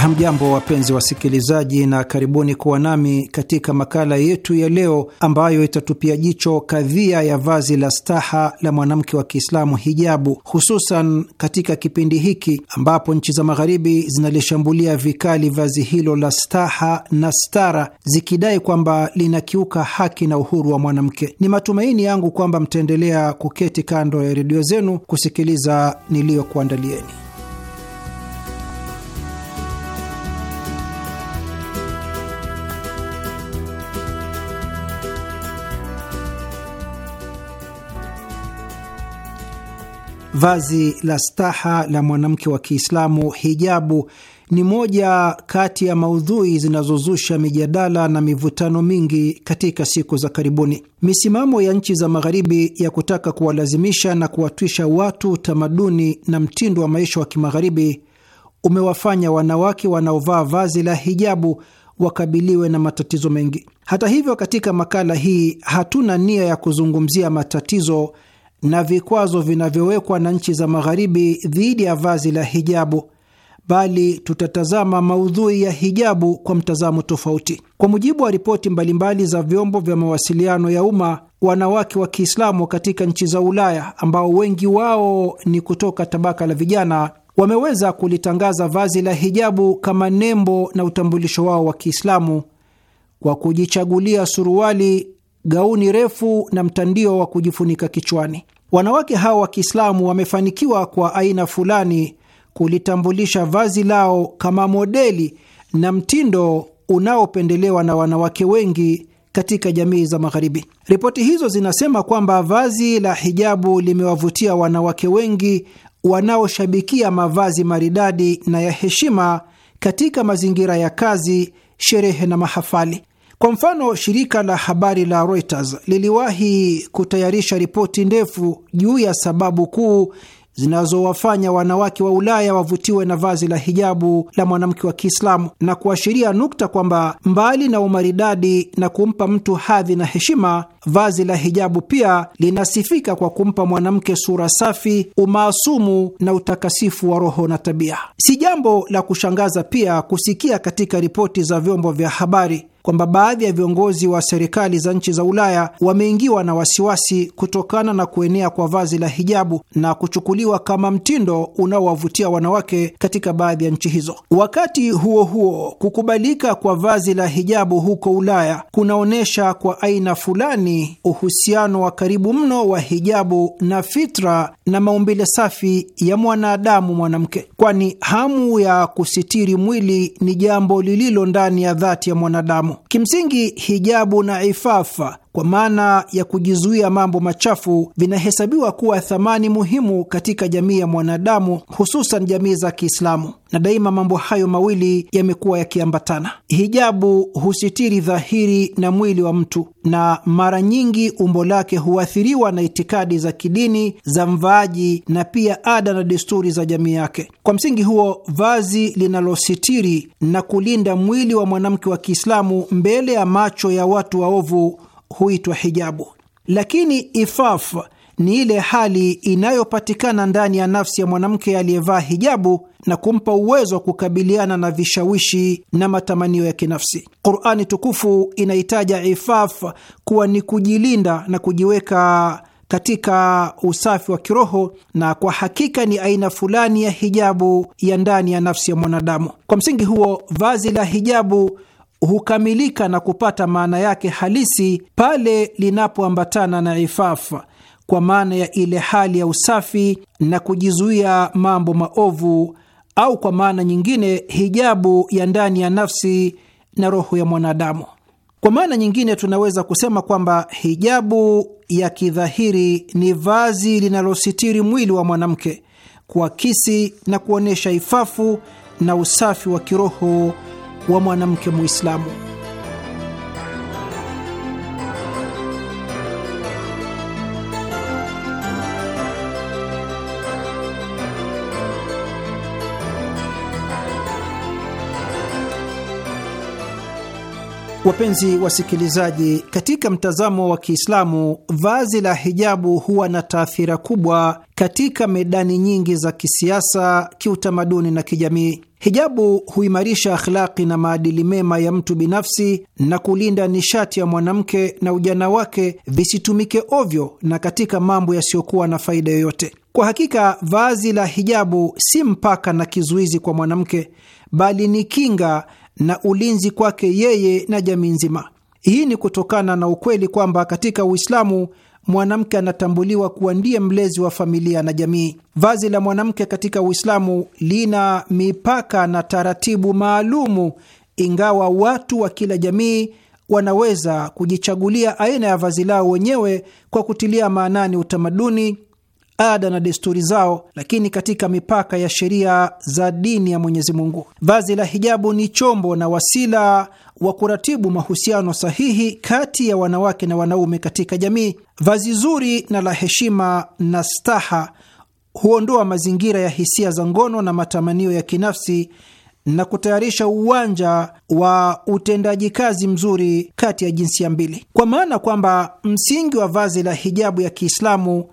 Hamjambo, wapenzi wasikilizaji, na karibuni kuwa nami katika makala yetu ya leo ambayo itatupia jicho kadhia ya vazi la staha la mwanamke wa Kiislamu, hijabu, hususan katika kipindi hiki ambapo nchi za Magharibi zinalishambulia vikali vazi hilo la staha na stara, zikidai kwamba linakiuka haki na uhuru wa mwanamke. Ni matumaini yangu kwamba mtaendelea kuketi kando ya redio zenu kusikiliza niliyokuandalieni. Vazi la staha la mwanamke wa Kiislamu, hijabu, ni moja kati ya maudhui zinazozusha mijadala na mivutano mingi katika siku za karibuni. Misimamo ya nchi za Magharibi ya kutaka kuwalazimisha na kuwatwisha watu tamaduni na mtindo wa maisha wa Kimagharibi umewafanya wanawake wanaovaa vazi la hijabu wakabiliwe na matatizo mengi. Hata hivyo, katika makala hii hatuna nia ya kuzungumzia matatizo na vikwazo vinavyowekwa na nchi za Magharibi dhidi ya vazi la hijabu bali tutatazama maudhui ya hijabu kwa mtazamo tofauti. Kwa mujibu wa ripoti mbalimbali za vyombo vya mawasiliano ya umma, wanawake wa Kiislamu katika nchi za Ulaya, ambao wengi wao ni kutoka tabaka la vijana, wameweza kulitangaza vazi la hijabu kama nembo na utambulisho wao wa Kiislamu kwa kujichagulia suruali gauni refu na mtandio wa kujifunika kichwani. Wanawake hawa wa Kiislamu wamefanikiwa kwa aina fulani kulitambulisha vazi lao kama modeli na mtindo unaopendelewa na wanawake wengi katika jamii za Magharibi. Ripoti hizo zinasema kwamba vazi la hijabu limewavutia wanawake wengi wanaoshabikia mavazi maridadi na ya heshima katika mazingira ya kazi, sherehe na mahafali. Kwa mfano, shirika la habari la Reuters liliwahi kutayarisha ripoti ndefu juu ya sababu kuu zinazowafanya wanawake wa Ulaya wavutiwe na vazi la hijabu la mwanamke wa Kiislamu na kuashiria nukta kwamba mbali na umaridadi na kumpa mtu hadhi na heshima Vazi la hijabu pia linasifika kwa kumpa mwanamke sura safi, umaasumu na utakasifu wa roho na tabia. Si jambo la kushangaza pia kusikia katika ripoti za vyombo vya habari kwamba baadhi ya viongozi wa serikali za nchi za Ulaya wameingiwa na wasiwasi kutokana na kuenea kwa vazi la hijabu na kuchukuliwa kama mtindo unaowavutia wanawake katika baadhi ya nchi hizo. Wakati huo huo, kukubalika kwa vazi la hijabu huko Ulaya kunaonyesha kwa aina fulani Qurani uhusiano wa karibu mno wa hijabu na fitra na maumbile safi ya mwanadamu mwanamke, kwani hamu ya kusitiri mwili ni jambo lililo ndani ya dhati ya mwanadamu. Kimsingi, hijabu na ifafa kwa maana ya kujizuia mambo machafu vinahesabiwa kuwa thamani muhimu katika jamii ya mwanadamu, hususan jamii za Kiislamu, na daima mambo hayo mawili yamekuwa yakiambatana. Hijabu husitiri dhahiri na mwili wa mtu, na mara nyingi umbo lake huathiriwa na itikadi za kidini za mvaaji na pia ada na desturi za jamii yake. Kwa msingi huo, vazi linalositiri na kulinda mwili wa mwanamke wa Kiislamu mbele ya macho ya watu waovu huitwa hijabu, lakini ifaf ni ile hali inayopatikana ndani ya nafsi ya mwanamke aliyevaa hijabu na kumpa uwezo wa kukabiliana na vishawishi na matamanio ya kinafsi. Qurani tukufu inaitaja ifaf kuwa ni kujilinda na kujiweka katika usafi wa kiroho, na kwa hakika ni aina fulani ya hijabu ya ndani ya nafsi ya mwanadamu. Kwa msingi huo, vazi la hijabu hukamilika na kupata maana yake halisi pale linapoambatana na ifaf, kwa maana ya ile hali ya usafi na kujizuia mambo maovu, au kwa maana nyingine hijabu ya ndani ya nafsi na roho ya mwanadamu. Kwa maana nyingine tunaweza kusema kwamba hijabu ya kidhahiri ni vazi linalositiri mwili wa mwanamke, kuakisi na kuonyesha ifafu na usafi wa kiroho wa mwanamke Muislamu. Wapenzi wasikilizaji, katika mtazamo wa Kiislamu, vazi la hijabu huwa na taathira kubwa katika medani nyingi za kisiasa, kiutamaduni na kijamii. Hijabu huimarisha akhlaki na maadili mema ya mtu binafsi na kulinda nishati ya mwanamke na ujana wake visitumike ovyo na katika mambo yasiyokuwa na faida yoyote. Kwa hakika, vazi la hijabu si mpaka na kizuizi kwa mwanamke, bali ni kinga na ulinzi kwake yeye na jamii nzima. Hii ni kutokana na ukweli kwamba katika Uislamu mwanamke anatambuliwa kuwa ndiye mlezi wa familia na jamii. Vazi la mwanamke katika Uislamu lina mipaka na taratibu maalumu, ingawa watu wa kila jamii wanaweza kujichagulia aina ya vazi lao wenyewe kwa kutilia maanani utamaduni ada na desturi zao, lakini katika mipaka ya sheria za dini ya Mwenyezi Mungu. Vazi la hijabu ni chombo na wasila wa kuratibu mahusiano sahihi kati ya wanawake na wanaume katika jamii. Vazi zuri na la heshima na staha huondoa mazingira ya hisia za ngono na matamanio ya kinafsi na kutayarisha uwanja wa utendaji kazi mzuri kati ya jinsia mbili, kwa maana kwamba msingi wa vazi la hijabu ya Kiislamu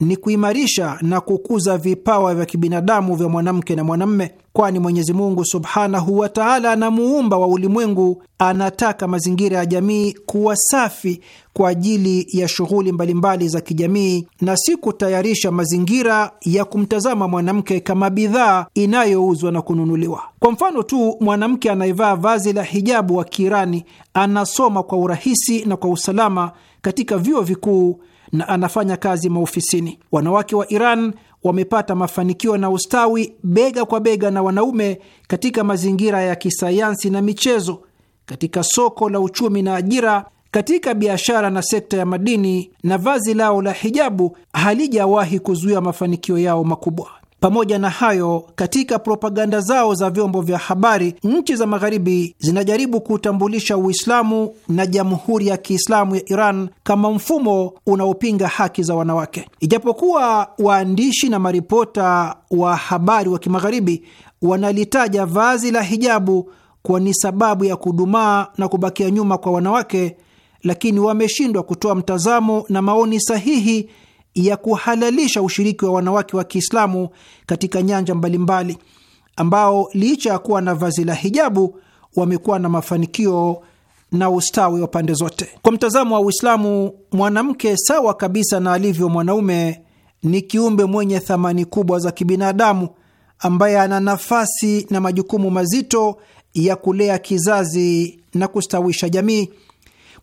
ni kuimarisha na kukuza vipawa vya kibinadamu vya mwanamke na mwanamme, kwani Mwenyezi Mungu subhanahu wa taala na muumba wa ulimwengu anataka mazingira ya jamii kuwa safi kwa ajili ya shughuli mbalimbali za kijamii na si kutayarisha mazingira ya kumtazama mwanamke kama bidhaa inayouzwa na kununuliwa. Kwa mfano tu, mwanamke anayevaa vazi la hijabu wa Kiirani anasoma kwa urahisi na kwa usalama katika vyuo vikuu na anafanya kazi maofisini. Wanawake wa Iran wamepata mafanikio na ustawi bega kwa bega na wanaume katika mazingira ya kisayansi na michezo, katika soko la uchumi na ajira, katika biashara na sekta ya madini, na vazi lao la hijabu halijawahi kuzuia mafanikio yao makubwa. Pamoja na hayo, katika propaganda zao za vyombo vya habari, nchi za Magharibi zinajaribu kuutambulisha Uislamu na Jamhuri ya Kiislamu ya Iran kama mfumo unaopinga haki za wanawake, ijapokuwa waandishi na maripota wa habari wa Kimagharibi wanalitaja vazi la hijabu kuwa ni sababu ya kudumaa na kubakia nyuma kwa wanawake, lakini wameshindwa kutoa mtazamo na maoni sahihi ya kuhalalisha ushiriki wa wanawake wa Kiislamu katika nyanja mbalimbali, ambao licha ya kuwa na vazi la hijabu wamekuwa na mafanikio na ustawi wa pande zote. Kwa mtazamo wa Uislamu, mwanamke sawa kabisa na alivyo mwanaume ni kiumbe mwenye thamani kubwa za kibinadamu ambaye ana nafasi na majukumu mazito ya kulea kizazi na kustawisha jamii.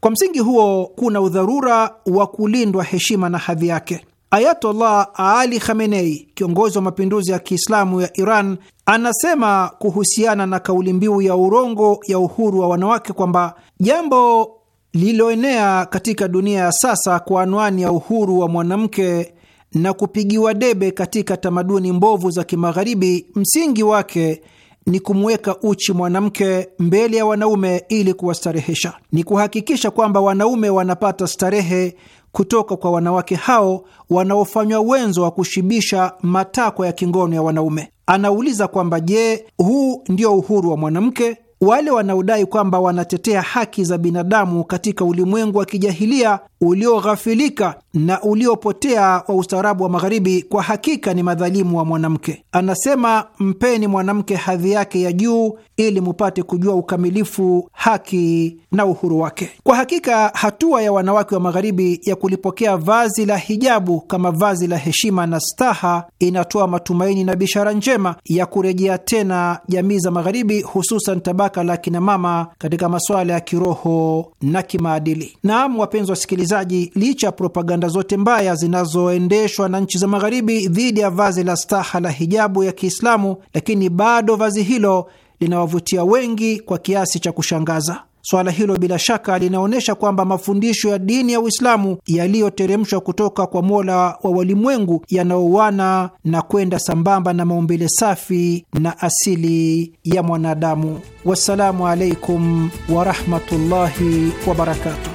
Kwa msingi huo kuna udharura wa kulindwa heshima na hadhi yake. Ayatollah Ali Khamenei, kiongozi wa mapinduzi ya Kiislamu ya Iran, anasema kuhusiana na kauli mbiu ya urongo ya uhuru wa wanawake kwamba jambo lililoenea katika dunia ya sasa kwa anwani ya uhuru wa mwanamke na kupigiwa debe katika tamaduni mbovu za Kimagharibi, msingi wake ni kumweka uchi mwanamke mbele ya wanaume ili kuwastarehesha, ni kuhakikisha kwamba wanaume wanapata starehe kutoka kwa wanawake hao wanaofanywa wenzo wa kushibisha matakwa ya kingono ya wanaume. Anauliza kwamba je, huu ndio uhuru wa mwanamke? Wale wanaodai kwamba wanatetea haki za binadamu katika ulimwengu wa kijahilia ulioghafilika na uliopotea wa ustaarabu wa Magharibi, kwa hakika ni madhalimu wa mwanamke. Anasema, mpeni mwanamke hadhi yake ya juu ili mupate kujua ukamilifu, haki na uhuru wake. Kwa hakika hatua ya wanawake wa Magharibi ya kulipokea vazi la hijabu kama vazi la heshima na staha inatoa matumaini na bishara njema ya kurejea tena jamii za Magharibi, hususan tabaka la kinamama katika masuala ya kiroho na kimaadili. Naam, wapenzi wasikilizaji, licha ya propaganda zote mbaya zinazoendeshwa na nchi za Magharibi dhidi ya vazi la staha la hijabu ya Kiislamu, lakini bado vazi hilo linawavutia wengi kwa kiasi cha kushangaza. Swala hilo bila shaka linaonyesha kwamba mafundisho ya dini ya Uislamu yaliyoteremshwa kutoka kwa Mola wa walimwengu yanaoana na kwenda sambamba na maumbile safi na asili ya mwanadamu. Wassalamu alaikum warahmatullahi wabarakatuh.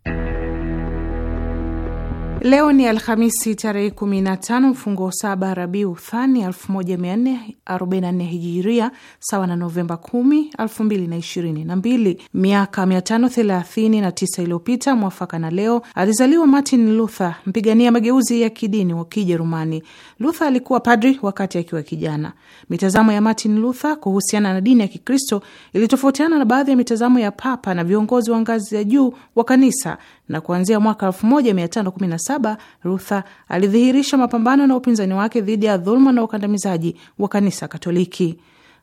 Leo ni Alhamisi tarehe 15 mfungo saba Rabiu Thani 1444 Hijiria, sawa na Novemba 10, 2022. Miaka 539 iliyopita mwafaka na leo alizaliwa Martin Luther, mpigania mageuzi ya kidini wa Kijerumani. Luther alikuwa padri wakati akiwa kijana. Mitazamo ya Martin Luther kuhusiana na dini ya Kikristo ilitofautiana na baadhi ya mitazamo ya Papa na viongozi wa ngazi ya juu wa kanisa na kuanzia mwaka 1517 Luther alidhihirisha mapambano na upinzani wake dhidi ya dhuluma na ukandamizaji wa kanisa Katoliki.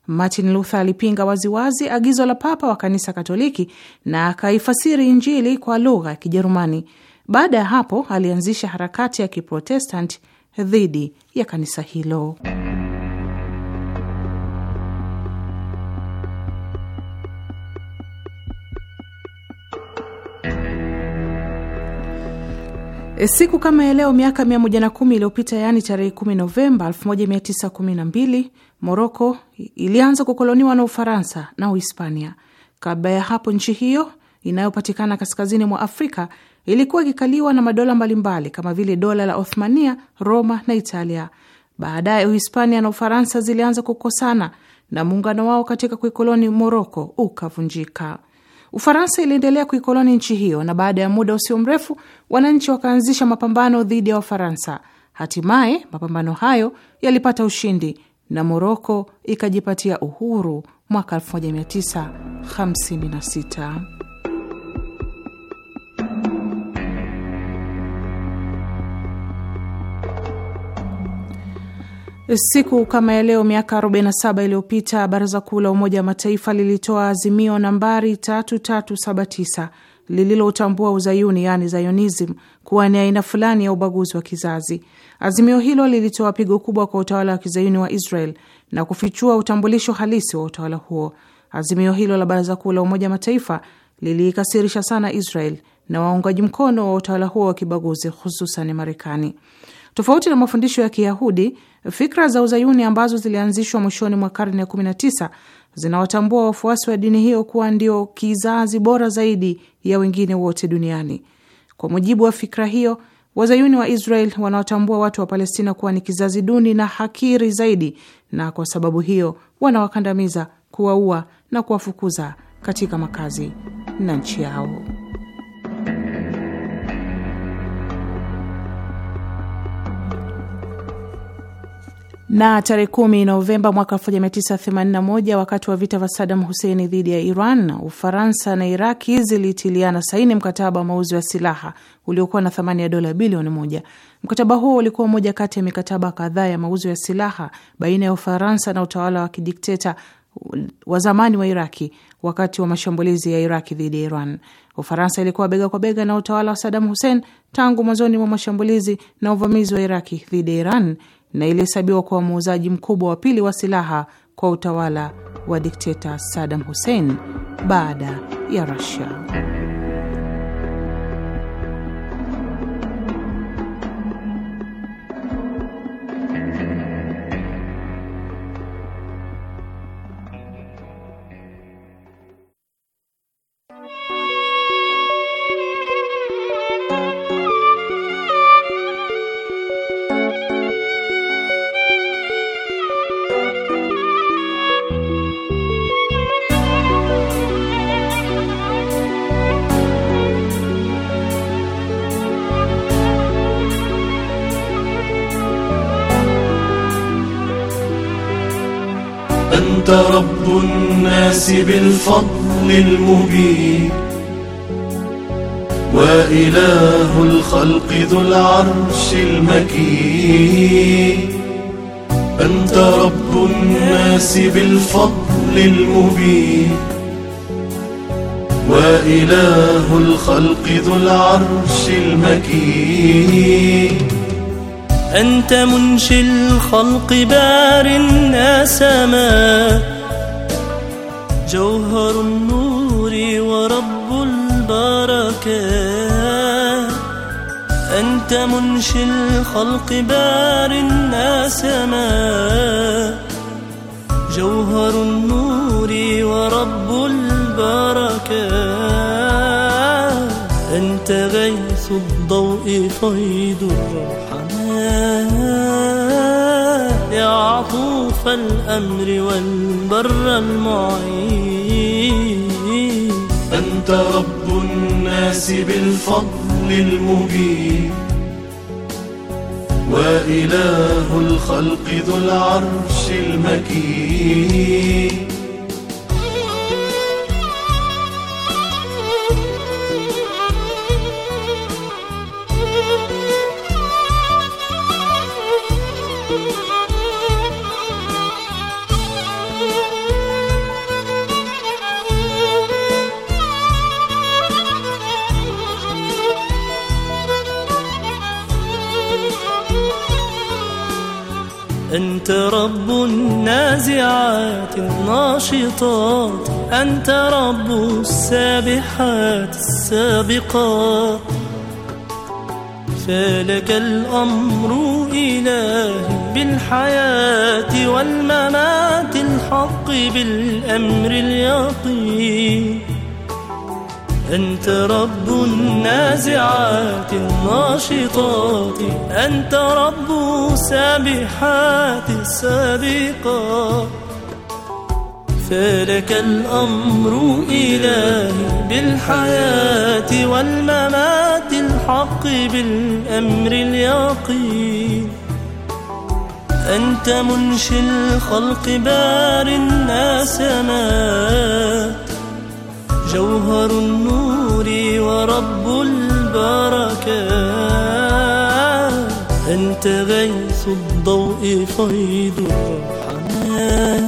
Martin Luther alipinga waziwazi agizo la papa wa kanisa Katoliki na akaifasiri Injili kwa lugha ya Kijerumani. Baada ya hapo, alianzisha harakati ya Kiprotestanti dhidi ya kanisa hilo. E, siku kama ya leo miaka 110 iliyopita, yaani tarehe 10 Novemba 1912, Moroko ilianza kukoloniwa na Ufaransa na Uhispania. Kabla ya hapo, nchi hiyo inayopatikana kaskazini mwa Afrika ilikuwa ikikaliwa na madola mbalimbali kama vile dola la Othmania, Roma na Italia. Baadaye Uhispania na Ufaransa zilianza kukosana na muungano wao katika kuikoloni Moroko ukavunjika. Ufaransa iliendelea kuikoloni nchi hiyo na baada ya muda usio mrefu wananchi wakaanzisha mapambano dhidi ya Wafaransa. Hatimaye mapambano hayo yalipata ushindi na Moroko ikajipatia uhuru mwaka 1956. Siku kama ya leo miaka 47 iliyopita Baraza Kuu la Umoja wa Mataifa lilitoa azimio nambari 3379 lililotambua uzayuni yani Zionism kuwa ni aina fulani ya ubaguzi wa kizazi. Azimio hilo lilitoa pigo kubwa kwa utawala wa kizayuni wa Israel na kufichua utambulisho halisi wa utawala huo. Azimio hilo la Baraza Kuu la Umoja wa Mataifa liliikasirisha sana Israel na waungaji mkono wa utawala huo wa kibaguzi, hususan Marekani. Tofauti na mafundisho ya Kiyahudi, Fikra za uzayuni ambazo zilianzishwa mwishoni mwa karne ya 19 zinawatambua wafuasi wa dini hiyo kuwa ndio kizazi bora zaidi ya wengine wote duniani. Kwa mujibu wa fikra hiyo, wazayuni wa Israel wanawatambua watu wa Palestina kuwa ni kizazi duni na hakiri zaidi, na kwa sababu hiyo wanawakandamiza, kuwaua na kuwafukuza katika makazi na nchi yao. na tarehe kumi Novemba mwaka 1981 wakati wa vita vya Sadam Hussein dhidi ya Iran, Ufaransa na Iraki zilitiliana saini mkataba wa mauzo ya silaha uliokuwa na thamani ya dola bilioni moja. Mkataba huo ulikuwa moja kati ya mikataba kadhaa ya mauzo ya silaha baina ya Ufaransa na utawala wa kidikteta wa zamani wa Iraki wakati wa mashambulizi ya Iraki dhidi ya Iran. Ufaransa ilikuwa bega kwa bega na utawala wa Sadam Hussein tangu mwanzoni mwa mashambulizi na uvamizi wa Iraki dhidi ya Iran na ilihesabiwa kuwa muuzaji mkubwa wa pili wa silaha kwa utawala wa dikteta Saddam Hussein baada ya Russia. بالفضل المبين وإله الخلق ذو العرش المكين أنت رب الناس بالفضل المبين وإله الخلق ذو العرش المكين أنت منشي الخلق بار الناس ما جوهر النور ورب البركات أنت منشي الخلق بار ما جوهر النور ورب البركات أنت غيث الضوء فيض الرحمن يا عطوف الأمر والبر المعين أنت رب الناس بالفضل المبين وإله الخلق ذو العرش المكين أنت رب النازعات الناشطات أنت رب السابحات السابقات فلك الأمر إلهي بالحياة والممات الحق بالأمر اليقين أنت رب النازعات الناشطات أنت رب السابحات السابقات فلك الأمر إلهي بالحياة والممات الحق بالأمر اليقين أنت منشي الخلق بار الناس مات جوهر النور ورب البركات أنت غيث الضوء فيض الرحمن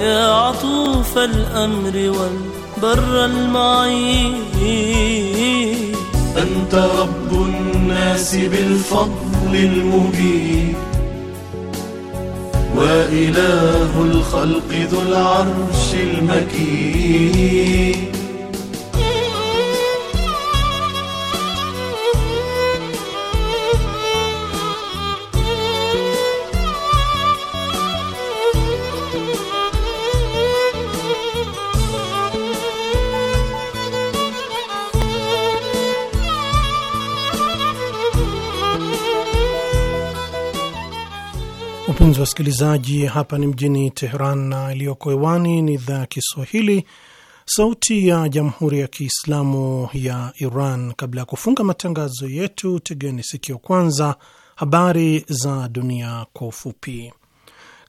يا عطوف الأمر والبر المعين أنت رب الناس بالفضل المبين وإله الخلق ذو العرش المكين Wapenzi wasikilizaji, hapa ni mjini Teheran na iliyoko hewani ni idhaa ya Kiswahili, Sauti ya Jamhuri ya Kiislamu ya Iran. Kabla ya kufunga matangazo yetu, tegeni sikio kwanza habari za dunia kwa ufupi.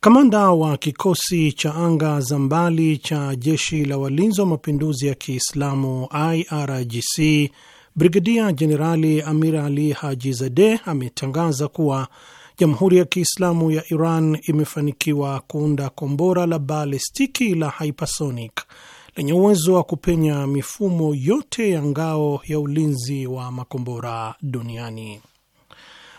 Kamanda wa kikosi cha anga za mbali cha jeshi la walinzi wa mapinduzi ya Kiislamu IRGC Brigadia Jenerali Amir Ali Haji Zadeh ametangaza kuwa Jamhuri ya Kiislamu ya Iran imefanikiwa kuunda kombora la balistiki la hypersonic lenye uwezo wa kupenya mifumo yote ya ngao ya ulinzi wa makombora duniani.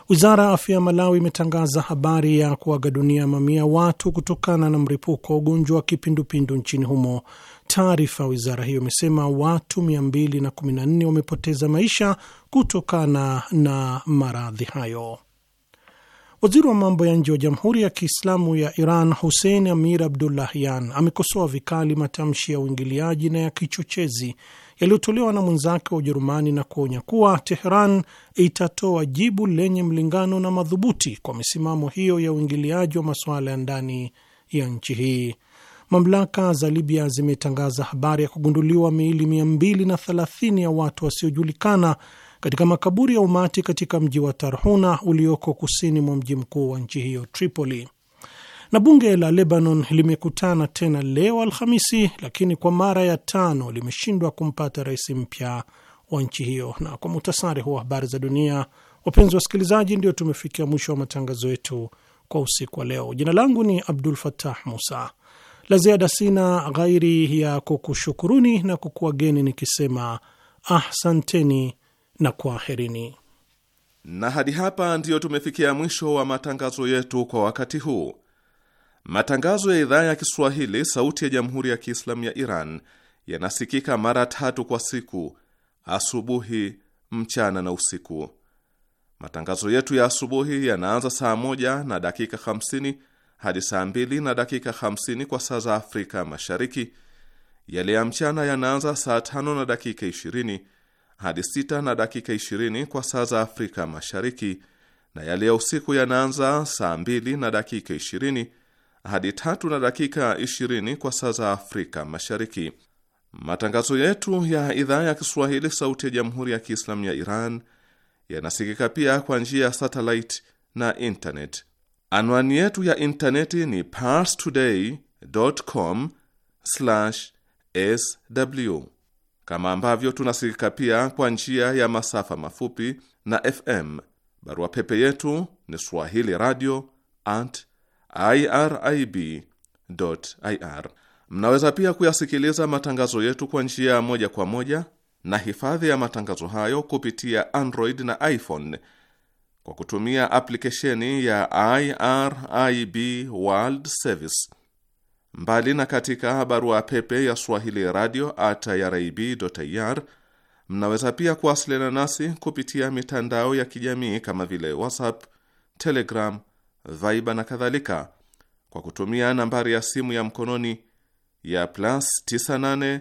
Wizara ya afya ya Malawi imetangaza habari ya kuaga dunia mamia watu kutokana na mlipuko wa ugonjwa wa kipindupindu nchini humo. Taarifa wizara hiyo imesema watu 214 wamepoteza maisha kutokana na maradhi hayo. Waziri wa mambo ya nje wa Jamhuri ya Kiislamu ya Iran Hussein Amir Abdullahian amekosoa vikali matamshi ya uingiliaji na ya kichochezi yaliyotolewa na mwenzake wa Ujerumani na kuonya kuwa Teheran itatoa jibu lenye mlingano na madhubuti kwa misimamo hiyo ya uingiliaji wa masuala ya ndani ya nchi hii. Mamlaka za Libya zimetangaza habari ya kugunduliwa miili 230 ya watu wasiojulikana katika makaburi ya umati katika mji wa Tarhuna ulioko kusini mwa mji mkuu wa nchi hiyo Tripoli. Na bunge la Lebanon limekutana tena leo Alhamisi, lakini kwa mara ya tano limeshindwa kumpata rais mpya wa nchi hiyo. Na kwa muhtasari huwa habari za dunia, wapenzi wasikilizaji, ndio tumefikia mwisho wa matangazo yetu kwa usiku wa leo. Jina langu ni Abdul fatah Musa. La ziada sina ghairi ya kukushukuruni na kukuageni nikisema ahsanteni na kwaherini. Na hadi hapa ndiyo tumefikia mwisho wa matangazo yetu kwa wakati huu. Matangazo ya idhaa ya Kiswahili sauti ya Jamhuri ya Kiislamu ya Iran yanasikika mara tatu kwa siku: asubuhi, mchana na usiku. Matangazo yetu ya asubuhi yanaanza saa moja na dakika 50 hadi saa mbili na dakika 50 kwa saa za Afrika Mashariki. Yale ya mchana yanaanza saa tano na dakika 20 hadi sita na dakika ishirini kwa saa za Afrika Mashariki, na yale ya usiku yanaanza saa mbili na dakika ishirini hadi tatu na dakika ishirini kwa saa za Afrika Mashariki. Matangazo yetu ya idhaa ya Kiswahili sauti ya Jamhuri ya Kiislamu ya Iran yanasikika pia kwa njia ya satellite na internet. Anwani yetu ya intaneti ni parstoday.com/sw kama ambavyo tunasikika pia kwa njia ya masafa mafupi na FM. Barua pepe yetu ni swahili radio at irib ir. Mnaweza pia kuyasikiliza matangazo yetu kwa njia moja kwa moja na hifadhi ya matangazo hayo kupitia Android na iPhone kwa kutumia aplikesheni ya IRIB World Service. Mbali na katika barua pepe ya Swahili radio at irib.ir, mnaweza pia kuwasiliana nasi kupitia mitandao ya kijamii kama vile WhatsApp, Telegram, Viber na kadhalika, kwa kutumia nambari ya simu ya mkononi ya plus 98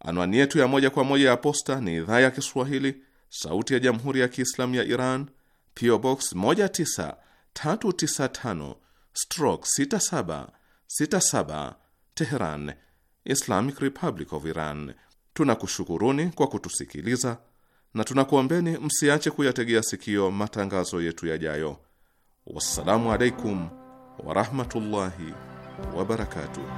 Anwani yetu ya moja kwa moja ya posta ni idhaa ya Kiswahili Sauti ya Jamhuri ya Kiislamu ya Iran, PO Box 19395 stroke 6767 Teheran, Islamic Republic of Iran. Tunakushukuruni kwa kutusikiliza na tunakuombeni msiache kuyategea sikio matangazo yetu yajayo. Wassalamu alaikum warahmatullahi wabarakatuh.